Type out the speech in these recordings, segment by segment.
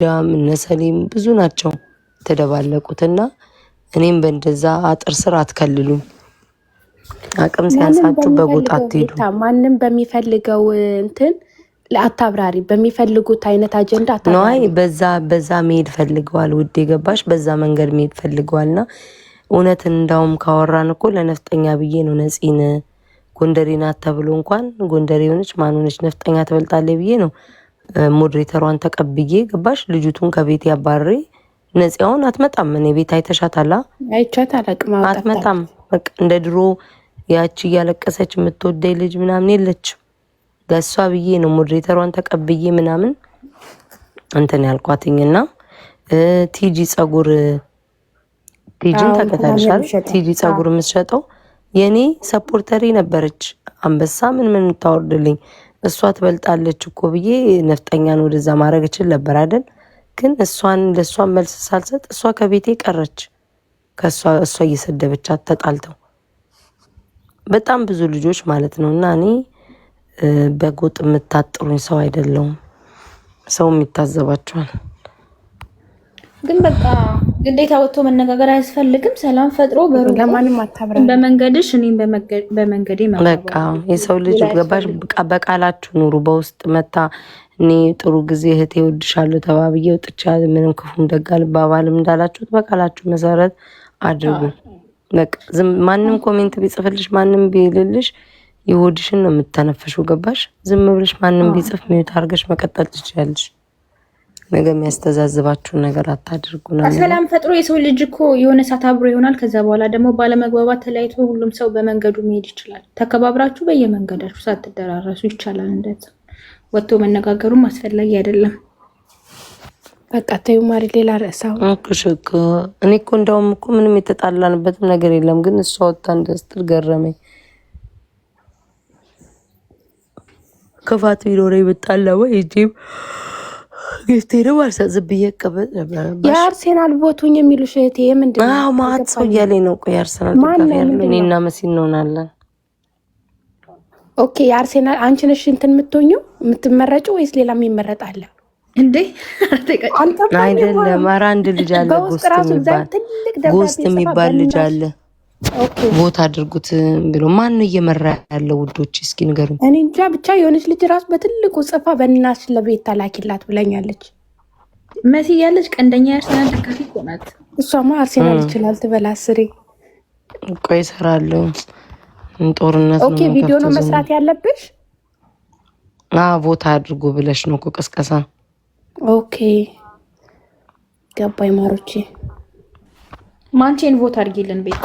ዳም እነ ሰሊም ብዙ ናቸው ተደባለቁትና እኔም በእንደዛ አጥር ስር አትከልሉኝ። አቅም ሲያንሳችሁ በጎጥ አትሄዱ። ማንም በሚፈልገው እንትን አታብራሪ፣ በሚፈልጉት አይነት አጀንዳ ነዋይ በዛ በዛ መሄድ ፈልገዋል። ውድ ገባሽ? በዛ መንገድ መሄድ ፈልገዋልና እውነት እንዳውም ካወራን እኮ ለነፍጠኛ ብዬ ነው ነፂን ጎንደሬ ናት ተብሎ እንኳን ጎንደሬ ሆነች ማን ሆነች ነፍጠኛ ትበልጣለች ብዬ ነው ሞዴሬተሯን ተቀብዬ ገባሽ ልጅቱን ከቤት ያባሬ ነፂያውን አትመጣም። እኔ ቤት አይተሻታላ አይቻት አላቅም። አትመጣም። በቃ እንደ ድሮ ያቺ እያለቀሰች የምትወደኝ ልጅ ምናምን የለችም። ለእሷ ብዬ ነው ሞዴሬተሯን ተቀብዬ ምናምን እንትን ያልኳትኝና ቲጂ ጸጉር ቲጂን ተከታልሻል። ቲጂ ጸጉር የምትሸጠው የእኔ ሰፖርተሪ ነበረች። አንበሳ ምን ምን ታወርድልኝ እሷ ትበልጣለች እኮ ብዬ ነፍጠኛን ወደዛ ማድረግ እችል ነበር አይደል? ግን እሷን ለእሷን መልስ ሳልሰጥ እሷ ከቤቴ ቀረች። ከእሷ እሷ እየሰደበቻት ተጣልተው በጣም ብዙ ልጆች ማለት ነው። እና እኔ በጎጥ የምታጥሩኝ ሰው አይደለውም ሰው የሚታዘባቸዋል ግን በቃ ግዴታ ወጥቶ መነጋገር አያስፈልግም። ሰላም ፈጥሮ በሩ ለማንም አታብራ በመንገድሽ እኔም በመንገዴ በቃ የሰው ልጅ ገባሽ። በቃላችሁ ኑሩ። በውስጥ መታ እኔ ጥሩ ጊዜ እህቴ እወድሻለሁ ተባብዬ ወጥቻ ምንም ክፉም ደግ ባባልም እንዳላችሁት በቃላችሁ መሰረት አድርጉ። በቃ ማንም ኮሜንት ቢጽፍልሽ ማንም ቢልልሽ የሆድሽን ነው የምተነፈሽው። ገባሽ? ዝም ብለሽ ማንም ቢጽፍ ሚዩት አድርገሽ መቀጠል ትችላለሽ። ነገ የሚያስተዛዝባችሁ ነገር አታድርጉ ነው። ሰላም ፈጥሮ የሰው ልጅ እኮ የሆነ ሰዓት አብሮ ይሆናል። ከዛ በኋላ ደግሞ ባለመግባባት ተለያይቶ ሁሉም ሰው በመንገዱ መሄድ ይችላል። ተከባብራችሁ በየመንገዳችሁ ሳትደራረሱ ይቻላል። እንደዛ ወጥቶ መነጋገሩም አስፈላጊ አይደለም። በቃ ተይው ማሪ፣ ሌላ ርዕስ አሁን እኔ እኮ እንደውም እኮ ምንም የተጣላንበትም ነገር የለም፣ ግን እሷ ወጥታ እንደስትል ገረመኝ። ክፋት ቢኖረኝ ብጣላ ወይ ግፍቴ ነው አልሰጥ ብዬ ነበር። የአርሴናል ቦቱኝ ነው? ማት ሰው እያለኝ ነው። ቆይ እኔና መሲ እንሆናለን። ኦኬ የአርሴናል አንቺ ነሽ እንትን የምትመረጩ ወይስ ሌላ የሚመረጥ አለ እንዴ? አይደለም። ኧረ አንድ ልጅ አለ ጎስት የሚባል ልጅ አለ ቦታ አድርጉት ብሎ ማን ነው እየመራ ያለው? ውዶች እስኪ ንገሩ። እኔ እንጃ ብቻ የሆነች ልጅ ራሱ በትልቁ ጽፋ በእናትሽ ለቤት ታላኪላት ብለኛለች። መሲ ያለች ቀንደኛ የአርሴናል ደጋፊ እኮ ናት። እሷማ አርሴናል ይችላል ትበላ ስሬ እኮ ይሰራለሁ። ጦርነት ኦኬ፣ ቪዲዮ ነው መስራት ያለብሽ። ቦታ አድርጉ ብለሽ ነው እኮ ቀስቀሳ። ኦኬ ገባኝ። ማሮቼ ማንቼን ቦታ አድርጊልን ቤታ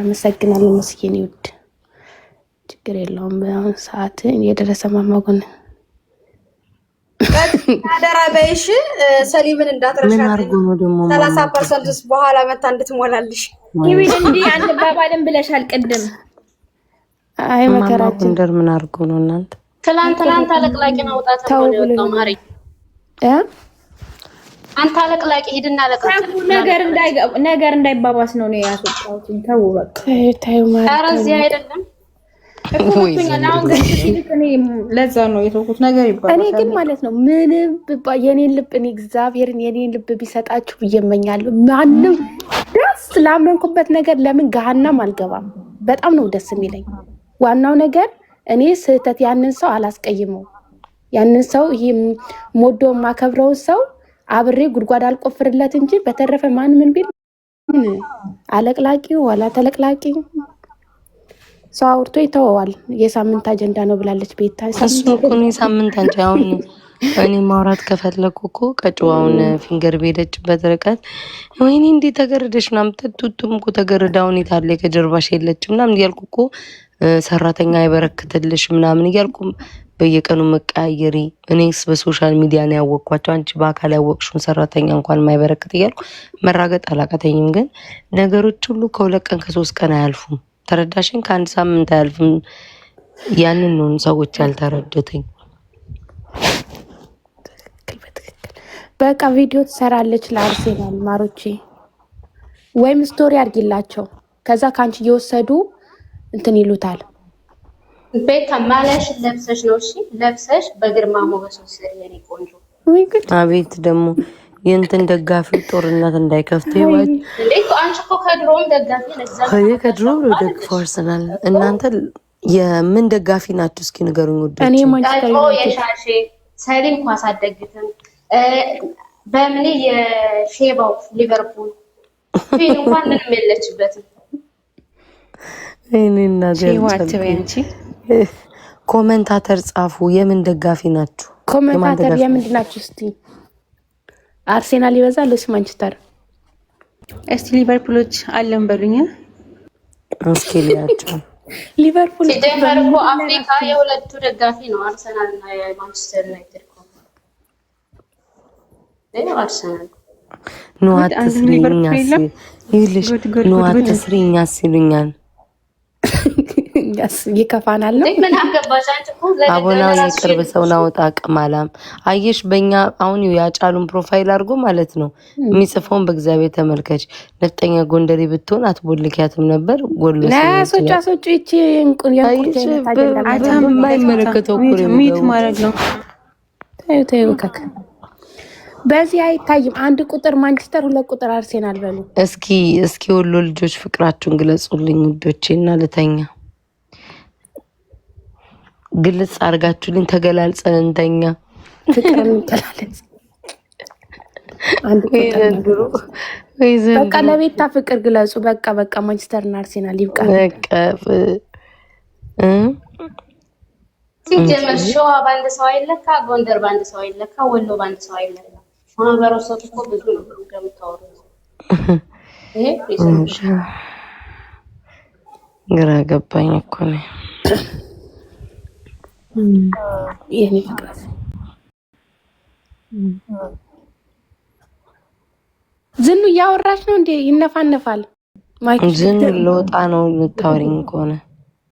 አመሰግናለሁ መስኪን ይውድ ችግር የለውም። በአሁን ሰዓት የደረሰ ማማጎን አደራ በይሽ ሰሊምን እንዳትረሻት። ሰላሳ ፐርሰንት በኋላ መታ እንድትሞላልሽ ይብል እንዲህ አንድ ባባልን ብለሻል ቅድም። አይ መከራችን ደር ምን አድርጎ ነው እናንተ ትላንት ትላንት አለቅላቂ ነው ውጣት ነው ማሪ አንተ አለቅላቂ ሄድና አለቅላቂ ነገር እንዳይ ነገር እንዳይባባስ ነው ነው ያስወጣሁት። ተው በቃ ተይ ማለት ለዛ ነው የተውኩት ነገር ይባላል። እኔ ግን ማለት ነው ምንም ብባ የኔን ልብ እኔ እግዚአብሔርን የኔን ልብ ቢሰጣችሁ ብዬ ማንም ደስ ላመንኩበት ነገር ለምን ገሀናም አልገባም። በጣም ነው ደስ የሚለኝ። ዋናው ነገር እኔ ስህተት ያንን ሰው አላስቀይመው ያንን ሰው ይሄ ሞዶ የማከብረውን ሰው አብሬ ጉድጓድ አልቆፍርለት እንጂ በተረፈ ማን ምን ቢል አለቅላቂ ዋላ ተለቅላቂ ሰው አውርቶ ይተወዋል። የሳምንት አጀንዳ ነው ብላለች ቤታ። እሱ እኮ ነው የሳምንት አንቺ አሁን እኔ ማውራት ከፈለኩ እኮ ቀጭዋውን ፊንገር በሄደችበት ርቀት ወይኔ እንዴ ተገረደሽ ምናምን ቱቱም እኮ ተገርዳውን የታለ ከጀርባሽ የለች ምናምን እያልኩ እኮ ሰራተኛ አይበረክትልሽ ምናምን እያልኩም በየቀኑ መቀያየሪ እኔስ በሶሻል ሚዲያ ነው ያወቅኳቸው፣ አንቺ በአካል ያወቅሽውን ሰራተኛ እንኳን ማይበረክት እያልኩ መራገጥ አላቃተኝም። ግን ነገሮች ሁሉ ከሁለት ቀን ከሶስት ቀን አያልፉም። ተረዳሽን? ከአንድ ሳምንት አያልፉም ያንን ነው ሰዎች ያልተረዱትኝ። በቃ ቪዲዮ ትሰራለች ለአርሴናል ማሮቼ፣ ወይም ስቶሪ አድርጊላቸው። ከዛ ከአንቺ እየወሰዱ እንትን ይሉታል ቤታ ማሊያሽን ለብሰሽ ነው እሺ፣ ለብሰሽ በግርማ ሞገስ ወስደሽ የኔ ቆንጆ። አቤት ደግሞ የእንትን ደጋፊ ጦርነት እንዳይከፍት ይወት እንዴ? አንቺ እኮ ከድሮም ደጋፊ ነሽ። እኔ ከድሮ ነው ደግፎ አርሰናል። እናንተ የምን ደጋፊ ናችሁ? እስኪ ንገሩኝ። ወደ እኔ ነው የሻሼ ሰሊም ኳስ አደግትም በምን የሼባው ሊቨርፑል ፊን እንኳን ምንም የለችበትም። እኔ ወንቺ ኮመንታተር ጻፉ። የምን ደጋፊ ናችሁ? ኮመንታተር የምንድን ናችሁ? እስቲ አርሴናል ይበዛል ወይስ ማንቸስተር? እስቲ ሊቨርፑሎች አለን በሉኝ። እስኪ ሊያቸው ሊቨርፑል ሲጀመር እኮ አፍሪካ የሁለቱ ደጋፊ ነው፣ አርሰናል እና የማንቸስተር ዩናይትድ አርሰናል ነዋ። ሲሉኛል ይከፋናል ነው የቅርብ ሰው ናወጣ አቅም አላም አየሽ፣ በእኛ አሁን ያጫሉን ፕሮፋይል አድርጎ ማለት ነው የሚጽፈውን በእግዚአብሔር ተመልከች። ነፍጠኛ ጎንደሬ ብትሆን አትቦልኪያትም ነበር። ጎሎሶጫሶጭችንቁንማይመለከተው ሚት ማለት ነው። ተዩ ተዩ ከክ በዚህ አይታይም። አንድ ቁጥር ማንቸስተር፣ ሁለት ቁጥር አርሴናል በሉ። እስኪ እስኪ ወሎ ልጆች ፍቅራችሁን ግለጹልኝ ውዶቼ እና ልተኛ ግልጽ አድርጋችሁልኝ ተገላልጸን እንደኛ በቃ ለቤታ ፍቅር ግለጹ። በቃ በቃ ማንቸስተርና አርሴናል ይብቃል። ሲጀመር ሸዋ በአንድ ሰው አይለካ፣ ጎንደር በአንድ ሰው አይለካ፣ ወሎ በአንድ ሰው አይለካ። ማህበረሰብ እኮ ብዙ ነው እንደምታወሩት። ግራ ገባኝ እኮ ነው። የኔ ፍቅረት ዝኑ እያወራች ነው እንዴ? ይነፋነፋል። ዝኑ ልወጣ ነው የምታወሪኝ ከሆነ